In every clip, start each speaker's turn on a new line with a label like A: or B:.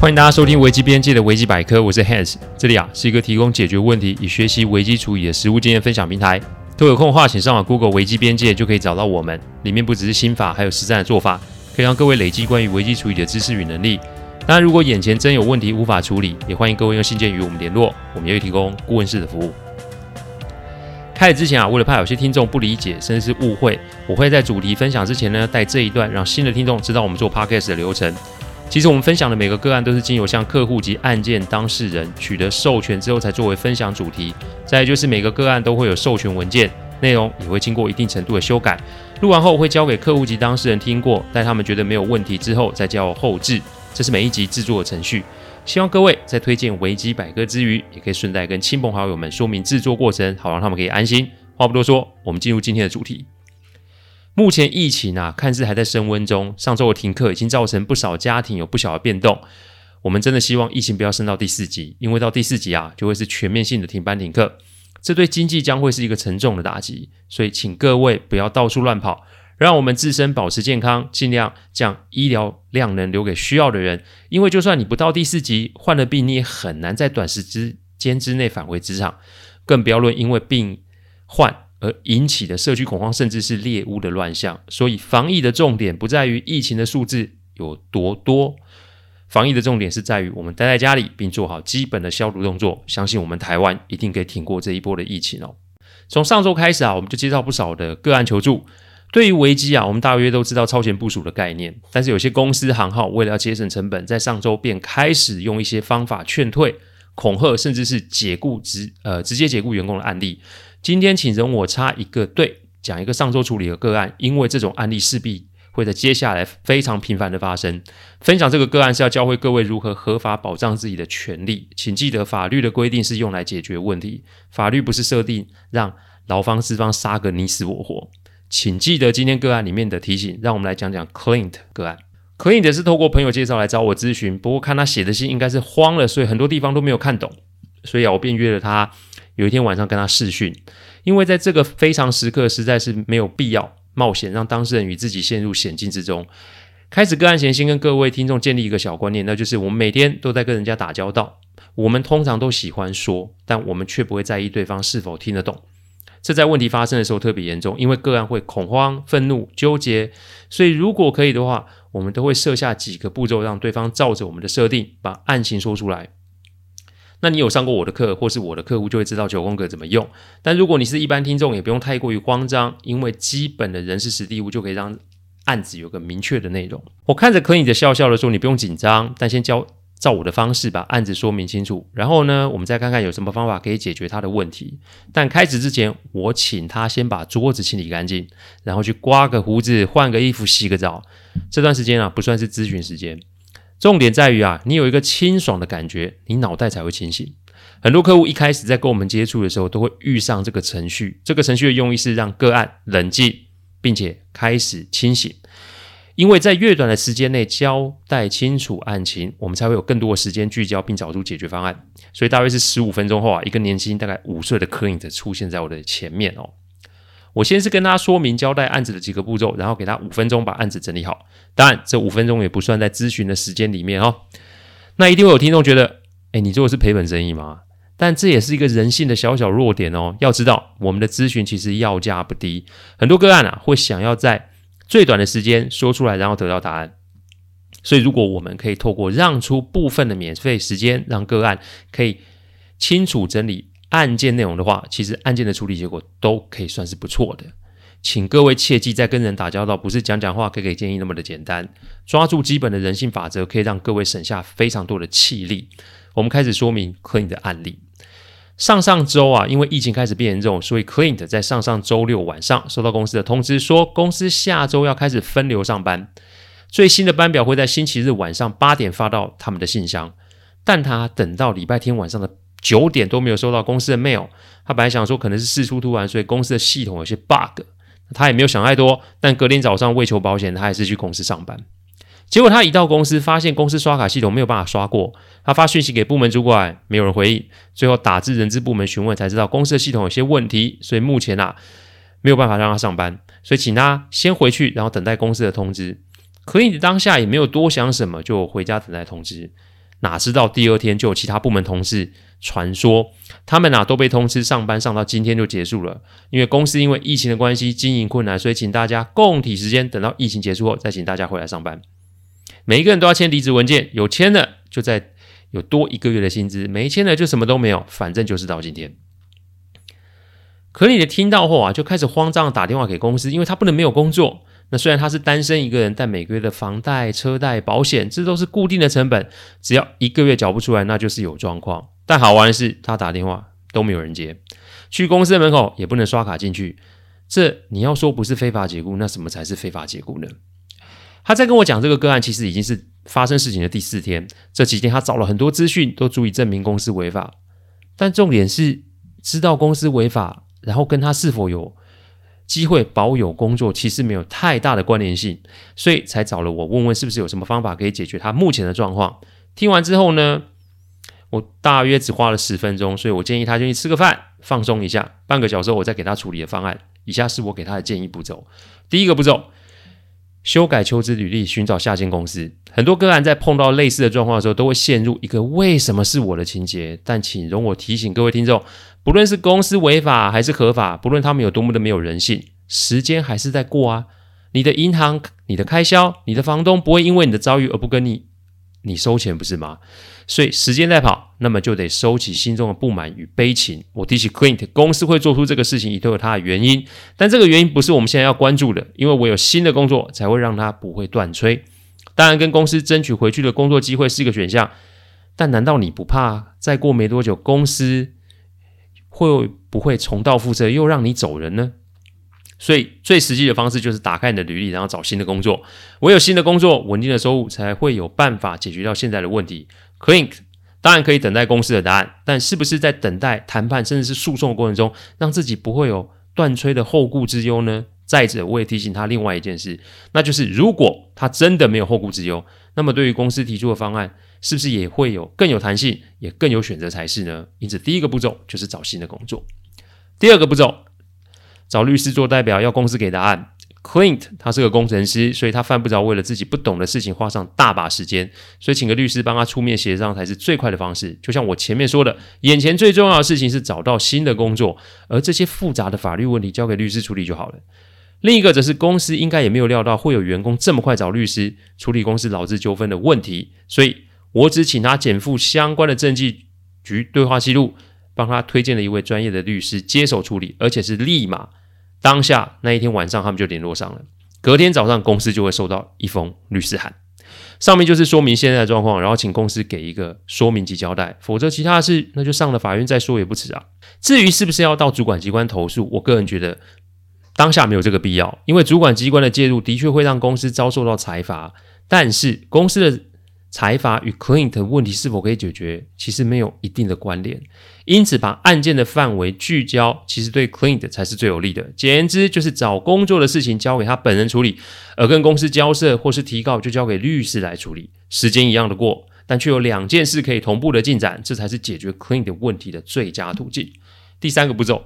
A: 歡迎大家收聽《危機邊界》的《危機百科》，我是 Hans，這裡啊是一個提供解決問題與學習危機處理的實務經驗分享平台。都有空的話，請上網 Google 危機邊界，就可以找到我們。裡面不只是心法，還有實戰的做法，可以讓各位累積關於危機處理的知識與能力。當然，如果眼前真有問題無法處理，也歡迎各位用信件與我們聯絡，我們也會提供顧問式的服務。開始之前啊，為了怕有些聽眾不理解甚至是誤會，我會在主題分享之前呢，帶這一段，讓新的聽眾知道我們做 Podcast 的流程。其實我們分享的每個個案都是經由向客戶及案件當事人取得授權之後才作為分享主題，再來就是每個個案都會有授權文件，內容也會經過一定程度的修改。錄完後會交給客戶及當事人聽過，待他們覺得沒有問題之後再交後製，這是每一集制作的程序。希望各位在推薦危機百科之餘，也可以順帶跟親朋好友們說明制作過程，好讓他們可以安心。話不多說，我們進入今天的主題。目前疫情啊，看似還在升溫中。上周的停課已經造成不少家庭有不小的變動。我們真的希望疫情不要升到第四級，因為到第四級啊，就會是全面性的停班停課，這對經濟將會是一個沉重的打擊。所以，請各位不要到處亂跑，讓我們自身保持健康，盡量將醫療量能留給需要的人。因為就算你不到第四級，患了病你也很難在短時之間之內返回職場，更不要論因為病患。而引起的社區恐慌，甚至是獵巫的亂象。所以，防疫的重點不在於疫情的數字有多多，防疫的重點是在於我們待在家裡，並做好基本的消毒動作。相信我們台灣一定可以挺過這一波的疫情哦。從上周開始啊，我們就接到不少的個案求助。對於危機啊，我們大約都知道超前部署的概念，但是有些公司行號為了要節省成本，在上周便開始用一些方法勸退、恐嚇，甚至是解雇直呃直接解雇員工的案例。今天請容我插一個隊，講一個上周處理的個案，因為這種案例勢必會在接下來非常頻繁的發生。分享這個個案是要教會各位如何合法保障自己的權利，請記得法律的規定是用來解決問題，法律不是設定讓勞方資方殺個你死我活。請記得今天個案裡面的提醒，讓我們來講講 Clint 個案。案 Clint 是透過朋友介紹來找我諮詢，不過看他寫的信應該是慌了，所以很多地方都沒有看懂，所以啊，我便約了他。有一天晚上跟他視訊，因為在這個非常時刻，實在是沒有必要冒險讓當事人與自己陷入險境之中。開始個案前，先跟各位聽眾建立一個小觀念，那就是我們每天都在跟人家打交道，我們通常都喜歡說，但我們卻不會在意對方是否聽得懂。這在問題發生的時候特別嚴重，因為個案會恐慌、憤怒、糾結，所以如果可以的話，我們都會設下幾個步驟，讓對方照着我們的設定把案情說出來。那你有上過我的課，或是我的客戶就會知道九宮格怎麼用。但如果你是一般聽眾，也不用太過於慌張，因為基本的人事時地物就可以讓案子有個明確的內容。我看着 Clint 笑笑的說：“你不用緊張，但先教照，照我的方式把案子說明清楚。然後呢，我們再看看有什麼方法可以解決他的問題。”但開始之前，我請他先把桌子清理乾淨，然後去刮個鬍子、換個衣服、洗個澡。這段時間啊，不算是諮詢時間。重點在於啊，你有一個清爽的感覺，你腦袋才會清醒。很多客戶一開始在跟我們接觸的時候，都會遇上這個程序。這個程序的用意是讓個案冷靜，並且開始清醒。因為在越短的時間內交代清楚案情，我們才會有更多的時間聚焦，並找出解決方案。所以大約是十五分鐘後啊，一個年輕大概五歲的 Clint 出現在我的前面哦。我先是跟他說明交代案子的幾個步驟，然後給他五分鐘把案子整理好。當然，這五分鐘也不算在諮詢的時間裡面哦。那一定會有聽眾覺得，誒，你做的是賠本生意嗎？但這也是一個人性的小小弱點哦。要知道，我們的諮詢其實要價不低，很多個案啊會想要在最短的時間說出來，然後得到答案。所以，如果我們可以透過讓出部分的免費時間，讓個案可以清楚整理，案件內容的話，其實案件的處理結果都可以算是不錯的。請各位切記，在跟人打交道，不是講講話、給給建議那麼的簡單。抓住基本的人性法則，可以讓各位省下非常多的氣力。我們開始說明 Clint 的案例。上上周啊，因為疫情開始變嚴重，所以 Clint 在上上周六晚上收到公司的通知說，說公司下周要開始分流上班。最新的班表會在星期日晚上八點發到他們的信箱，但他等到禮拜天晚上的。九點都沒有收到公司的 mail，他本來想說可能是事出突然，所以公司的系統有些 bug，他也沒有想太多。但隔天早上為求保險，他還是去公司上班。結果他一到公司，發現公司刷卡系統沒有辦法刷過。他發訊息給部門主管，沒有人回應。最後打至人資部門詢問，才知道公司的系統有些問題，所以目前啊沒有辦法讓他上班，所以請他先回去，然後等待公司的通知。Clint 當下也沒有多想什麼，就回家等待通知。哪知道第二天就有其他部門同事傳說，他們吶、啊、都被通知上班上到今天就結束了，因為公司因為疫情的關係經營困難，所以請大家共體時間，等到疫情結束後再請大家回來上班。每一個人都要簽離職文件，有簽的就再有多一個月的薪資，沒簽的就什麼都沒有，反正就是到今天。Clint 聽到後啊，就開始慌張打電話給公司，因為他不能沒有工作。那雖然他是單身一個人，但每個月的房貸、車貸、保險，這都是固定的成本。只要一個月繳不出來，那就是有狀況。但好玩的是，他打電話都沒有人接，去公司的門口也不能刷卡進去。這你要說不是非法解僱，那什麼才是非法解僱呢？他在跟我講這個個案，其實已經是發生事情的第四天。這幾天他找了很多資訊，都足以證明公司違法。但重點是，知道公司違法，然後跟他是否有，機會保有工作其實沒有太大的關聯性，所以才找了我問問是不是有什麼方法可以解決他目前的狀況。聽完之後呢，我大約只花了十分鐘，所以我建議他先去吃個飯放鬆一下，半個小時後我再給他處理的方案。以下是我給他的建議步驟：第一個步驟。修改求職履歷，尋找下間公司。很多個案在碰到類似的狀況的時候，都會陷入一個“為什麼是我的”情節。但請容我提醒各位聽眾，不論是公司違法還是合法，不論他們有多麼的沒有人性，時間還是在過啊。你的銀行、你的開銷、你的房東，不會因為你的遭遇而不跟你，你收錢不是嗎？所以時間在跑，那麼就得收起心中的不滿與悲情。我提起 Clint 公司會做出這個事情，也都有它的原因，但這個原因不是我們現在要關注的，因為我有新的工作，才會讓他不會斷炊。當然，跟公司爭取回去的工作機會是一個選項，但難道你不怕再過沒多久，公司會不會重蹈覆轍，又讓你走人呢？所以最實際的方式就是打開你的履歷，然後找新的工作。唯有新的工作，穩定的收入，才會有辦法解決到現在的問題。Clint 當然可以等待公司的答案，但是不是在等待談判，甚至是訴訟的過程中，讓自己不會有斷炊的後顧之憂呢？再者，我也提醒他另外一件事，那就是如果他真的沒有後顧之憂，那麼對於公司提出的方案，是不是也會有更有彈性，也更有選擇才是呢？因此，第一個步驟就是找新的工作，第二個步驟。找律師做代表，要公司給答案。Clint 他是個工程師，所以他犯不着為了自己不懂的事情花上大把時間，所以請個律師幫他出面協商才是最快的方式。就像我前面說的，眼前最重要的事情是找到新的工作，而這些複雜的法律問題交給律師處理就好了。另一個則是公司應該也沒有料到會有員工這麼快找律師處理公司勞資糾紛的問題，所以我只請他減負相關的證據跟對話記錄，幫他推薦了一位專業的律師接手處理，而且是立馬。當下那一天晚上，他們就聯絡上了。隔天早上，公司就會收到一封律師函，上面就是說明現在的狀況，然後請公司給一個說明及交代，否則其他的事那就上了法院再說也不遲啊。至於是不是要到主管機關投訴，我個人覺得當下沒有這個必要，因為主管機關的介入的確會讓公司遭受到裁罰，但是公司的財閥與 Clint 的問題是否可以解決，其實沒有一定的關聯，因此把案件的範圍聚焦，其實對 Clint 才是最有利的。簡言之，就是找工作的事情交給他本人處理，而跟公司交涉或是提告就交給律師來處理。時間一樣的過，但卻有兩件事可以同步的進展，這才是解決 Clint 問題的最佳途徑。嗯、第三個步驟，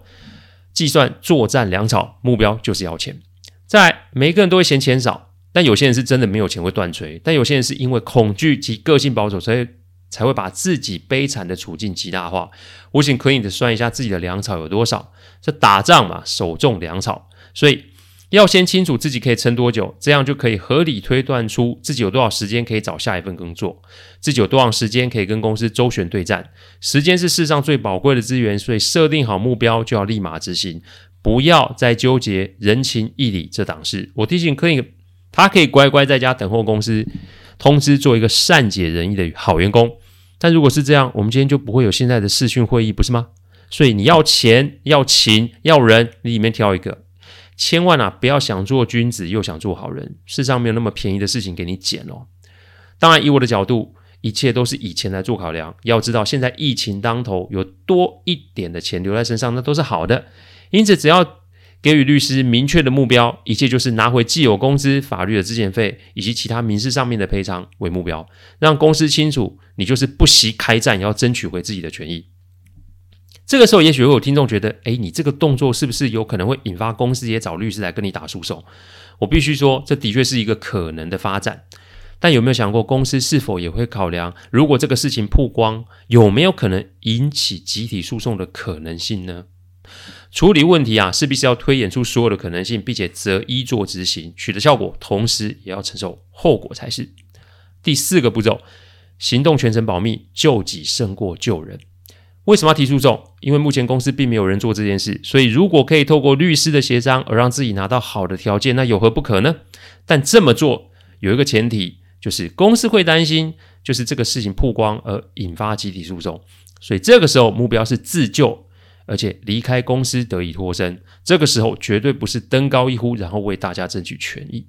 A: 計算作戰糧草，目標就是要錢。再來，每個人都會嫌錢少。但有些人是真的沒有錢會斷炊，但有些人是因為恐懼及個性保守，所以才會把自己悲慘的處境極大化。我請 Clint 算一下自己的糧草有多少？這打仗嘛，手中糧草，所以要先清楚自己可以撐多久，這樣就可以合理推斷出自己有多少時間可以找下一份工作，自己有多長時間可以跟公司周旋對戰。時間是世上最寶貴的資源，所以設定好目標就要立馬執行，不要再糾結人情義理這檔事。我提醒 Clint。他可以乖乖在家等候公司通知，做一個善解人意的好員工。但如果是這樣，我們今天就不會有現在的視訊會議，不是嗎？所以你要錢，要情，要人，你裡面挑一個。千萬啊，不要想做君子，又想做好人。世上沒有那麼便宜的事情給你撿哦。當然，以我的角度，一切都是以錢來做考量。要知道，現在疫情當頭，有多一點的錢留在身上，那都是好的。因此，只要。給予律師明確的目標，一切就是拿回既有工資、法律的資遣費以及其他民事上面的賠償為目標，讓公司清楚，你就是不惜開戰，要爭取回自己的權益。這個時候，也許會有聽眾覺得，誒，你這個動作是不是有可能會引發公司也找律師來跟你打訴訟？我必須說，這的確是一個可能的發展。但有沒有想過，公司是否也會考量，如果這個事情曝光，有沒有可能引起集體訴訟的可能性呢？處理問題啊，勢必是要推演出所有的可能性，並且擇一做執行，取得效果，同時也要承受後果才是。第四個步驟，行動全程保密，救己勝過救人。為什麼要提訴訟？因為目前公司並沒有人做這件事，所以如果可以透過律師的協商而讓自己拿到好的條件，那有何不可呢？但這麼做有一個前提，就是公司會擔心，就是這個事情曝光而引發集體訴訟，所以這個時候目標是自救。而且離開公司得以脫身，這個時候絕對不是登高一呼，然後為大家爭取權益。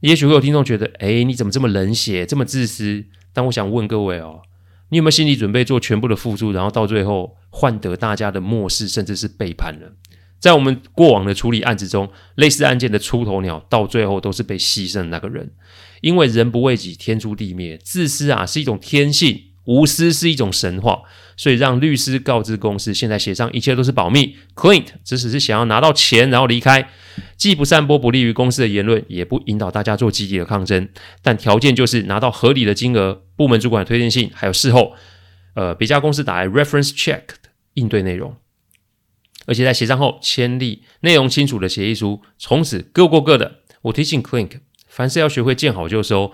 A: 也許會有聽眾覺得，誒、欸，你怎麼這麼冷血，這麼自私？但我想問各位哦、喔，你有沒有心理準備做全部的付出，然後到最後換得大家的漠視甚至是背叛呢？在我們過往的處理案子中，類似案件的出頭鳥，到最後都是被犧牲的那個人，因為人不為己，天誅地滅，自私啊是一種天性。無私是一種神話，所以讓律師告知公司，現在協商一切都是保密。Clint 只只是想要拿到錢，然後離開，既不散播不利於公司的言論，也不引導大家做積極的抗爭，但條件就是拿到合理的金額、部門主管的推薦信，還有事後，呃，別家公司打來 reference check 的應對內容，而且在協商後簽立內容清楚的協議書，從此各過各的。我提醒 Clint，凡事要學會見好就收。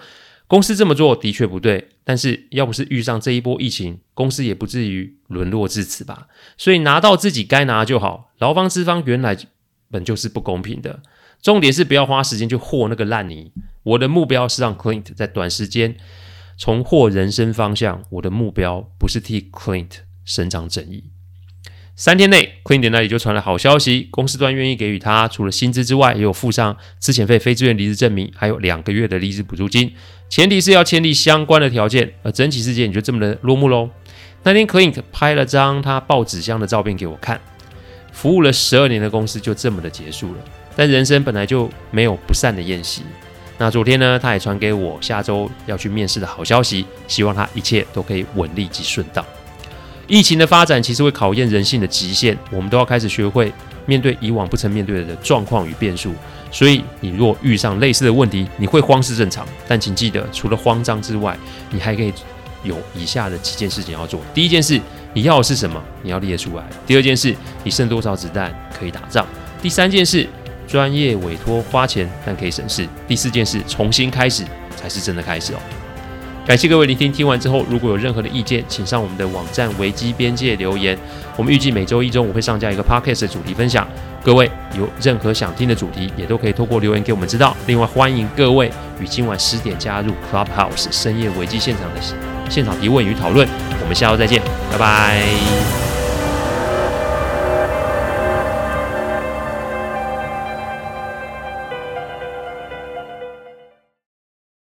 A: 公司這麼做的確不對，但是要不是遇上這一波疫情，公司也不至於淪落至此吧。所以拿到自己該拿就好，勞方資方原來本就是不公平的。重點是不要花時間去和那個爛泥。我的目標是讓 Clint 在短時間重獲人生方向。我的目標不是替 Clint 伸張正義。三天內，Clint 那裡就傳來好消息，公司端願意給予他除了薪資之外，也有附上資遣費、非自願離職證明，還有兩個月的離職補助金。前提是要簽訂相關的條件，而整起事件你就這麼的落幕嘍。那天 Clint 拍了張他抱紙箱的照片給我看，服務了十二年的公司就這麼的結束了。但人生本來就沒有不散的宴席。那昨天呢，他也傳給我下周要去面試的好消息，希望他一切都可以順利及順當。疫情的發展其實會考驗人性的極限，我們都要開始學會。面對以往不曾面對的狀況與變數，所以你若遇上類似的問題，你會慌是正常。但請記得，除了慌張之外，你還可以有以下的幾件事情要做：第一件事，你要的是什麼？你要列出來；第二件事，你剩多少子彈可以打仗；第三件事，專業委託花錢但可以省事；第四件事，重新開始才是真的開始哦。感謝各位聆聽，聽完之後如果有任何的意見，請上我們的網站危機邊界留言。我們預計每週一中午會上架一個 podcast 的主題分享，各位有任何想聽的主題，也都可以透過留言給我們知道。另外，歡迎各位於今晚十點加入 Clubhouse 深夜危機現場的現場提問與討論。我們下周再見，拜拜。